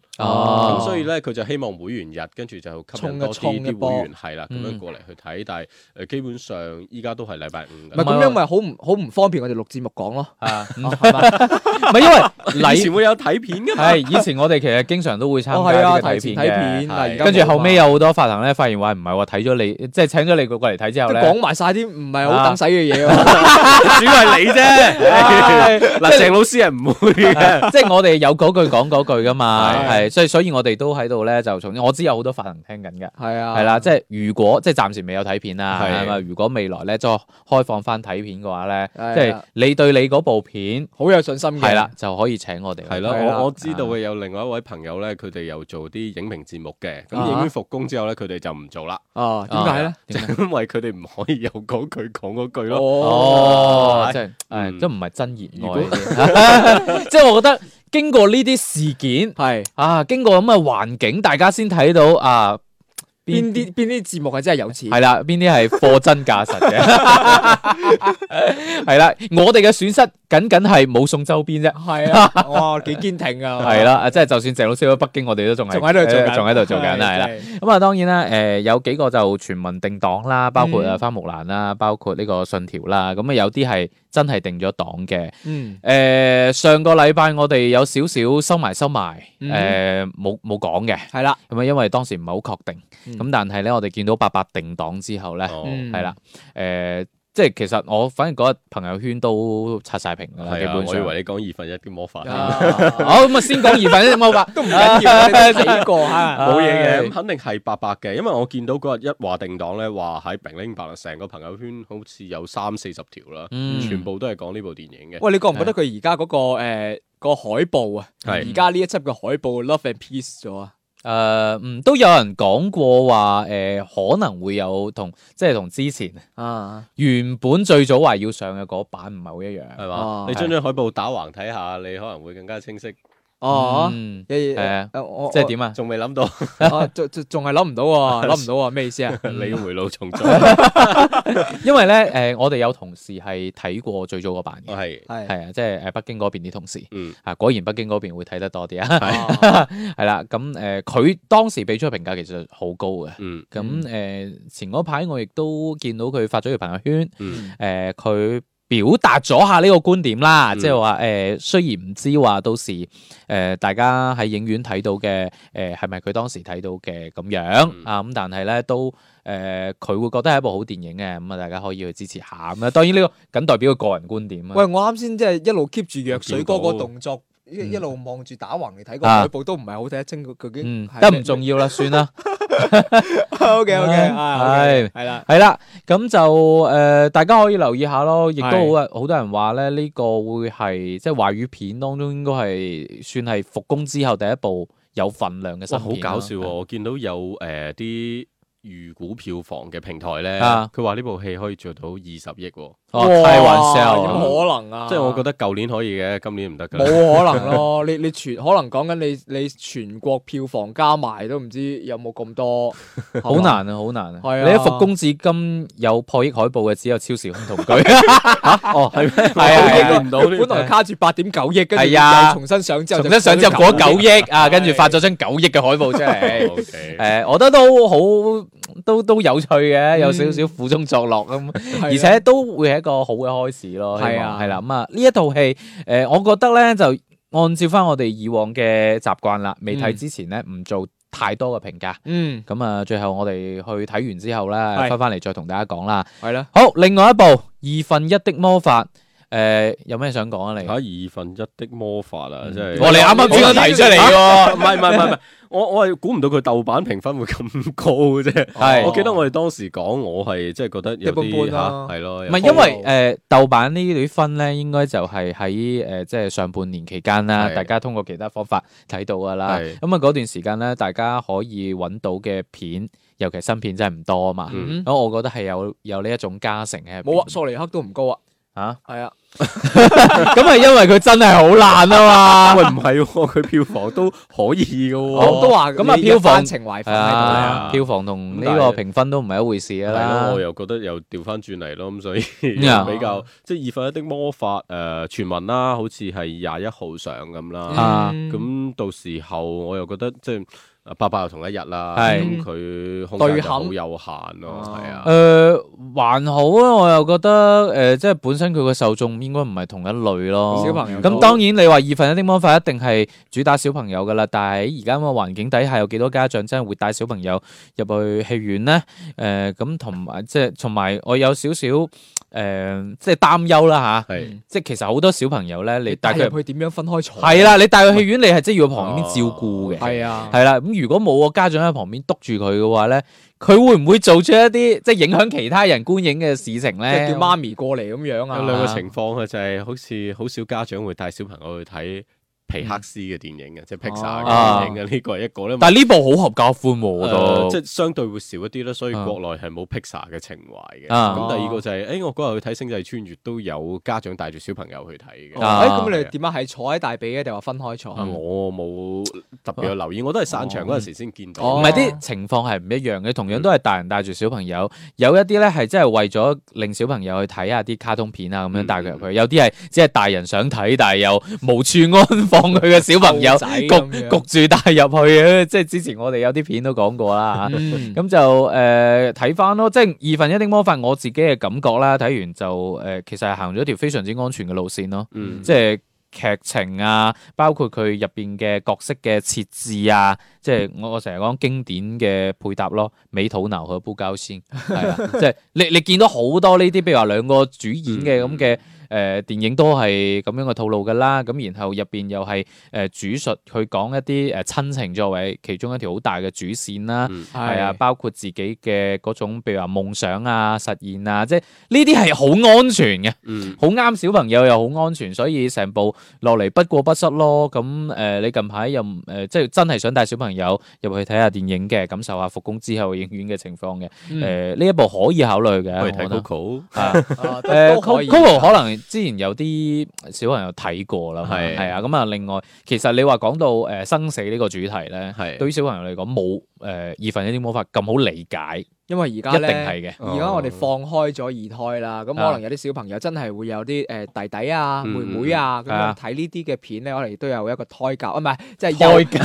哦，咁所以咧，佢就希望會員日跟住就吸引多啲啲會員係啦，咁樣過嚟，去睇。但係誒，基本上依家都係禮拜五噶。乜咁樣咪好唔好唔方便？我哋錄節目講咯，啊，係因為嚟前會有睇片噶嘛。係以前我哋其實經常都會參加提前睇片。跟住後尾有好多發行咧，發現話唔係話睇咗你，即係請咗你過嚟睇之後咧，講埋晒啲唔係好等使嘅嘢，主要係你啫。嗱，鄭老師係唔會嘅，即係我哋有嗰句講嗰句噶嘛。所以所以我哋都喺度咧，就從我知有好多發行聽緊嘅，係啊，係啦，即係如果即係暫時未有睇片啦，係咪？如果未來咧再開放翻睇片嘅話咧，即係你對你嗰部片好有信心嘅，係啦，就可以請我哋係咯。我我知道嘅有另外一位朋友咧，佢哋又做啲影評節目嘅，咁影院復工之後咧，佢哋就唔做啦。哦，點解咧？就因為佢哋唔可以有嗰句講嗰句咯。哦，即係誒，即唔係真言語。即係我覺得。經過呢啲事件，係啊，經過咁嘅環境，大家先睇到啊。邊啲邊啲節目係真係有錢？係啦，邊啲係貨真價實嘅？係 啦， 我哋嘅損失僅僅係冇送周邊啫。係 啊，哇，幾堅挺啊！係啦，即係就算鄭老師喺北京，我哋都仲係仲喺度做緊，仲喺度做緊係啦。咁啊，當然啦，誒，有幾個就全民定檔啦，包括啊花木蘭啦，包括呢個信條啦。咁啊，有啲係真係定咗檔嘅。嗯。誒，上個禮拜我哋有少少收埋收埋，誒、呃，冇冇講嘅。係啦。咁啊的，因為當時唔係好確定。嗯嗯咁但係咧，我哋見到八佰定檔之後咧，係啦，誒，即係其實我反正嗰日朋友圈都刷晒屏啦，基本上。我以為你講二分一啲魔法。好，咁啊，先講二分一啲魔法都唔緊要啦，幾個冇嘢嘅，咁肯定係八佰嘅，因為我見到嗰日一話定檔咧，話喺平靚白啊，成個朋友圈好似有三四十條啦，全部都係講呢部電影嘅。喂，你覺唔覺得佢而家嗰個誒海報啊？而家呢一輯嘅海報 Love and Peace 咗啊？誒，嗯、呃，都有人講過話，誒、呃，可能會有同，即係同之前，啊，原本最早話要上嘅嗰版唔係好一樣，係嘛？你將張海報打橫睇下，你可能會更加清晰。哦，嗯，即係點啊？仲未諗到，仲仲仲係諗唔到喎，諗唔到啊，咩意思啊？你回路重做，因為咧，誒，我哋有同事係睇過最早嗰版嘅，係係啊，即係誒，北京嗰邊啲同事，啊，果然北京嗰邊會睇得多啲啊，係啦，咁誒，佢當時俾出嘅評價其實好高嘅，咁誒，前嗰排我亦都見到佢發咗條朋友圈，誒，佢。表達咗下呢個觀點啦，即係話誒，雖然唔知話到時誒，大家喺影院睇到嘅誒，係咪佢當時睇到嘅咁樣啊？咁、嗯、但係咧都誒，佢、呃、會覺得係一部好電影嘅，咁啊，大家可以去支持下咁啊。嗯、當然呢、呢個僅代表佢個人觀點啊。喂，我啱先即係一路 keep 住藥水哥動結果 個動作。一一路望住打橫嚟睇，個每部都唔係好睇得清，佢究竟得唔、嗯、重要啦，算啦。O K O K，係係啦，係 啦，咁 就誒、呃，大家可以留意下咯。亦都好啊，好多人話咧，呢、這個會係即係華語片當中應該係算係復工之後第一部有份量嘅新片。好搞笑，是我見到有誒啲。呃預估票房嘅平台咧，佢話呢部戲可以做到二十億，玩有冇可能啊？即係我覺得舊年可以嘅，今年唔得噶。冇可能咯，你你全可能講緊你你全國票房加埋都唔知有冇咁多，好難啊，好難啊！係啊，你一復工至今有破億海報嘅只有《超時空同居》。哦，係咩？破億唔到，本來卡住八點九億，跟住啊，重新上之後，重新上之後過咗九億啊，跟住發咗張九億嘅海報，出嚟。誒，我覺得都好。都都有趣嘅，有少少苦中作樂咁，而且都會係一個好嘅開始咯。係啊，係啦咁啊，呢一套戲，誒，我覺得咧就按照翻我哋以往嘅習慣啦，未睇之前咧唔做太多嘅評價。嗯，咁啊，最後我哋去睇完之後咧，翻翻嚟再同大家講啦。係啦，好，另外一部二分一的魔法。誒，有咩想講啊？你吓二分一的魔法啊，真係我你啱啱先提出嚟喎，唔係唔係唔係，我我係估唔到佢豆瓣評分會咁高啫。係，我記得我哋當時講，我係即係覺得一般般吓，係咯，唔係因為誒豆瓣呢啲分咧，應該就係喺誒即係上半年期間啦，大家通過其他方法睇到噶啦。咁啊嗰段時間咧，大家可以揾到嘅片，尤其新片真係唔多啊嘛。咁我覺得係有有呢一種加成嘅。冇啊，索尼克都唔高啊。啊，係啊，咁係因為佢真係好爛啊嘛，喂唔係，佢、啊、票房都可以噶、啊，我、哦、都話咁啊票、啊、房情懷票房同呢個評分都唔係一回事啦、啊，啊、我又覺得又調翻轉嚟咯，咁所以、嗯啊、比較即係二分一的魔法誒傳聞啦，好似係廿一號上咁啦，咁、嗯、到時候我又覺得即係。啊，八佰又同一日啦，咁佢空間好有限咯，係行啊，誒、呃，還好啊，我又覺得，誒、呃，即係本身佢個受眾應該唔係同一類咯，小朋友。咁當然你話二分一啲魔法一定係主打小朋友噶啦，但係而家個環境底下，有幾多家長真係會帶小朋友入去戲院咧？誒、呃，咁同埋即係同埋，有我有少少。誒、呃，即係擔憂啦吓，即係其實好多小朋友咧，你帶佢去點樣分開坐？係啦，你帶佢去院，你係即係要旁邊照顧嘅，係啊、哦，係啦。咁如果冇個家長喺旁邊督住佢嘅話咧，佢會唔會做出一啲即係影響其他人觀影嘅事情咧？即叫媽咪過嚟咁樣啊？有兩個情況啊，嘅就係好似好少家長會帶小朋友去睇。皮克斯嘅電影嘅，即係 Pixar 嘅電影嘅呢個係一個咧，但係呢部好合家歡喎，我都即係相對會少一啲咧，所以國內係冇 Pixar 嘅情懷嘅。咁第二個就係，誒我嗰日去睇《星際穿越》都有家長帶住小朋友去睇嘅。誒咁你點解係坐喺大髀嘅定話分開坐？我冇特別有留意，我都係散場嗰陣時先見到。唔係啲情況係唔一樣嘅，同樣都係大人帶住小朋友，有一啲咧係真係為咗令小朋友去睇下啲卡通片啊，咁樣帶佢入去。有啲係即係大人想睇，但係又無處安放。講佢嘅小朋友焗住帶入去，即係之前我哋有啲片都講過啦。咁、嗯、就誒睇翻咯，即係二分一的魔法，我自己嘅感覺啦。睇完就誒、呃，其實係行咗一條非常之安全嘅路線咯。嗯、即係劇情啊，包括佢入邊嘅角色嘅設置啊，嗯、即係我我成日講經典嘅配搭咯，嗯、美土牛去煲膠先，係啊， 即係你你見到好多呢啲，比如話兩個主演嘅咁嘅。嗯嗯誒電影都係咁樣嘅套路㗎啦，咁然後入邊又係誒主述去講一啲誒親情作為其中一條好大嘅主線啦，係啊，包括自己嘅嗰種，譬如話夢想啊、實現啊，即係呢啲係好安全嘅，好啱小朋友又好安全，所以成部落嚟不過不失咯。咁誒，你近排又誒即係真係想帶小朋友入去睇下電影嘅，感受下復工之後影院嘅情況嘅，誒呢一部可以考慮嘅。去睇《Coco》啊，誒《Coco》可能。之前有啲小朋友睇過啦，係啊的，咁啊，另外其實你話講到誒生死呢個主題咧，的對於小朋友嚟講冇誒二分一啲魔法咁好理解。因為而家一定係嘅，而家我哋放開咗二胎啦，咁可能有啲小朋友真係會有啲誒弟弟啊、妹妹啊咁樣睇呢啲嘅片咧，我哋都有一個胎教啊，唔係即係幼教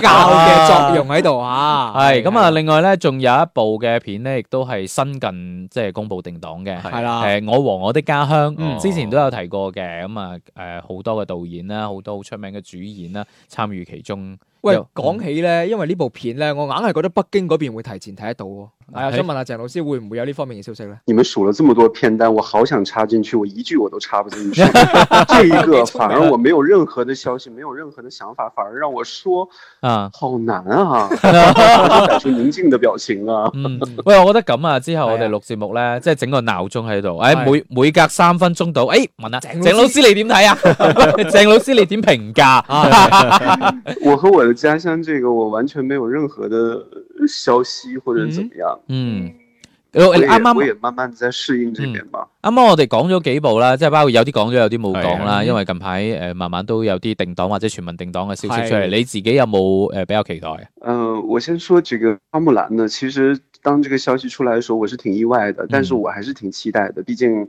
嘅作用喺度嚇。係咁啊，另外咧，仲有一部嘅片咧，亦都係新近即係公布定檔嘅。係啦，誒《我和我的家鄉》，之前都有提過嘅，咁啊誒好多嘅導演啦，好多好出名嘅主演啦，參與其中。喂，講起咧，因為呢部片咧，我硬係覺得北京嗰邊會提前睇得到。我又想問下鄭老師，會唔會有呢方面嘅消息咧？你們數了這麼多片單，我好想插進去，我一句我都插不進去。這一個反而我沒有任何的消息，沒有任何的想法，反而讓我說啊，好難啊。出寧靜的表情啊。嗯，喂，我覺得咁啊，之後我哋錄節目咧，即係整個鬧鐘喺度，誒，每每隔三分鐘到，誒，問下鄭老師你點睇啊？鄭老師你點評價？我和我。家鄉這個我完全沒有任何的消息或者怎麼樣，嗯，嗯我也剛剛我也慢慢的在適應這邊吧。咁啊、嗯，啱啱我哋講咗幾部啦，即係包括有啲講咗，有啲冇講啦，的因為近排誒、呃、慢慢都有啲定檔或者傳聞定檔嘅消息出嚟，的你自己有冇誒、呃、比較期待？嗯、呃，我先說這個花木蘭呢，其實當這個消息出來嘅時候，我是挺意外的，但是我還是挺期待的，畢竟。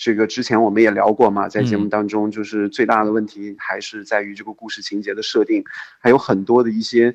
這個之前我們也聊過嘛，在節目當中，就是最大的問題還是在於這個故事情節的設定，還有很多的一些，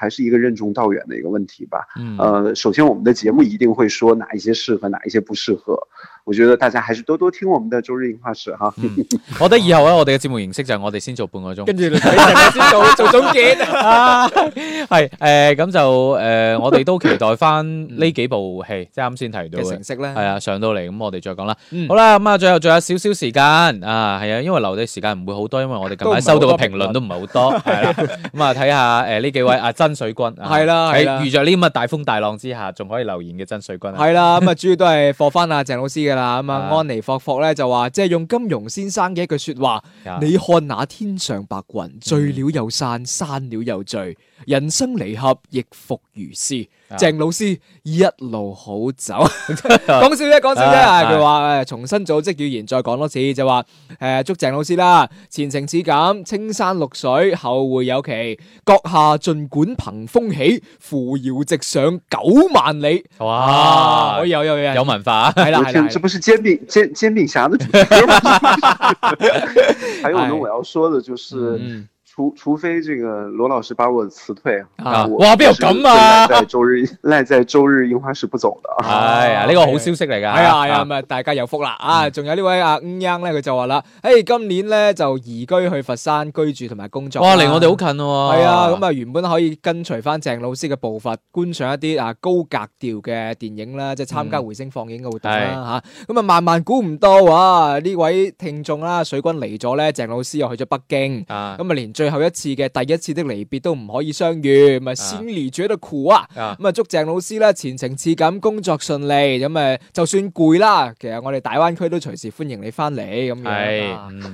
還是一個任重道遠的一個問題吧。嗯，呃，首先我們的節目一定會說哪一些適合，哪一些不適合。我覺得大家還是多多聽我們的周日影話事哈。我覺得以後咧，我哋嘅節目形式就係我哋先做半個鐘，跟住再先做做總結。係誒，咁就誒，我哋都期待翻呢幾部戲，即係啱先提到嘅程式咧。係啊，上到嚟咁我哋再講啦。好啦，咁啊，最後仲有少少時間啊，係啊，因為留低時間唔會好多，因為我哋近排收到嘅評論都唔係好多。係啦，咁啊，睇下誒呢幾位阿曾水軍，係啦，喺遇着呢咁嘅大風大浪之下仲可以留言嘅曾水軍，係啦，咁啊主要都係放翻阿鄭老師咁啊，嗯、安妮霍霍咧就話，即係用金庸先生嘅一句說話，嗯、你看那天上白雲醉了又散，散了又聚，人生離合亦復如斯。」鄭老師一路好走，講笑啫， 講笑啫。佢話誒，重新組織語言再講多次就、 啊是，就話誒，祝鄭老師啦，前程似錦，青山綠水，後會有期。閣下盡管憑風起，扶搖直上九萬里。哇，有有有，有文化。係啦，係啦。這不是煎餅煎煎餅俠嘅主題。Ina, 還有呢，我要說的就是。 除非這個羅老師把我辭退，哇邊有咁啊！賴在周日賴在周日櫻花市不走的。係啊，呢個好消息嚟噶。係啊，係咪大家有福啦啊？仲有呢位阿五央咧，佢就話啦，誒今年咧就移居去佛山居住同埋工作，哇離我哋好近喎，係啊，咁啊原本可以跟隨翻鄭老師嘅步伐觀賞一啲啊高格調嘅電影啦，即係參加回聲放映嘅活動啦吓，咁啊萬萬估唔到啊呢位聽眾啦水軍嚟咗咧，鄭老師又去咗北京，咁啊連最後一次嘅第一次的離別都唔可以相遇，咪、啊、先離住喺度苦啊！咁啊，祝鄭老師咧前程似錦，工作順利。咁誒，就算攰啦，其實我哋大灣區都隨時歡迎你翻嚟咁樣。係、哎、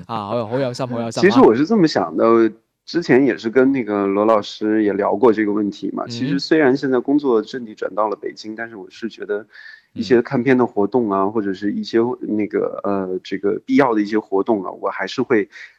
啊，好有心，好有心、啊。其實我是這麼想的，之前也是跟那個羅老師也聊過這個問題嘛。其實雖然現在工作陣地轉到了北京，但是我是覺得一些看片的活動啊，或者是一些那個，呃，這個必要的一些活動啊，我還是會。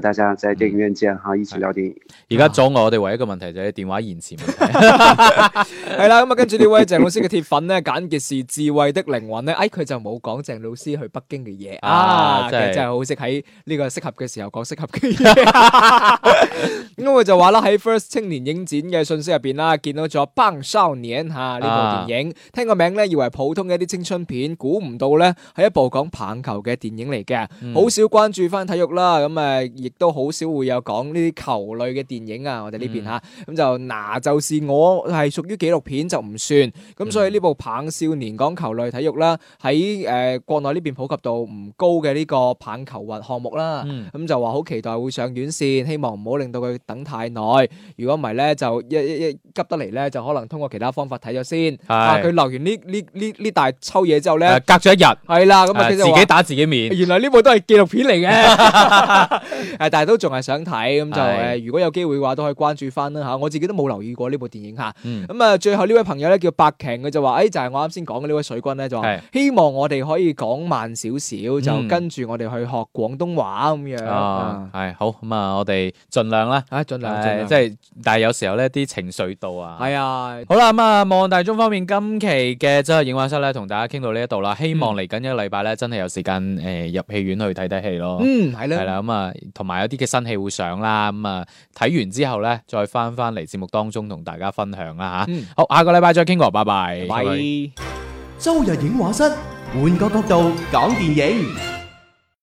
大家在電影院見哈，一起聊電影。而家阻礙我哋唯一一個問題就係電話延遲問題。係啦，咁啊，跟住呢位鄭老師嘅鐵粉咧，簡潔是智慧的靈魂咧，哎，佢就冇講鄭老師去北京嘅嘢啊，真係、啊、好識喺呢個適合嘅時候講適合嘅嘢。咁 我 就話啦，喺 First 青年影展嘅信息入邊啦，見到咗棒少年吓呢部電影，啊、聽個名咧以為普通嘅一啲青春片，估唔到咧係一部講棒球嘅電影嚟嘅，好、嗯、少關注翻體育啦，咁誒。亦都好少會有講呢啲球類嘅電影啊！我哋呢邊吓咁就嗱，就是我係屬於紀錄片就唔算咁，所以呢部棒少年講球類體育啦，喺誒、呃、國內呢邊普及度唔高嘅呢個棒球運項目啦，咁、嗯、就話好期待會上院線，希望唔好令到佢等太耐。如果唔係咧，就一一一急得嚟咧，就可能通過其他方法睇咗先。係佢是、啊、留完呢呢呢呢大抽嘢之後咧，隔咗一日係啦，咁自己打自己面。原來呢部都係紀錄片嚟嘅。 係，但係都仲係想睇，咁就誒，如果有機會嘅話，都可以關注翻啦吓。我自己都冇留意過呢部電影吓。咁啊，最後呢位朋友咧叫白瓊，佢就話：誒，就係我啱先講嘅呢位水軍咧，就話希望我哋可以講慢少少，就跟住我哋去學廣東話咁樣。係好，咁啊，我哋盡量啦。啊，盡量，即係，但係有時候咧，啲情緒度啊。係啊。好啦，咁啊，望大鐘方面，今期嘅即係影畫室咧，同大家傾到呢一度啦。希望嚟緊一個禮拜咧，真係有時間誒，入戲院去睇睇戲咯。嗯，係啦。係啦，咁啊，同埋有啲嘅新戲會上啦，咁啊，睇完之後咧，再翻翻嚟節目當中同大家分享啦嚇。嗯、好，下個禮拜再傾過，拜拜。拜拜。好吧。周日影畫室，換個角度講電影。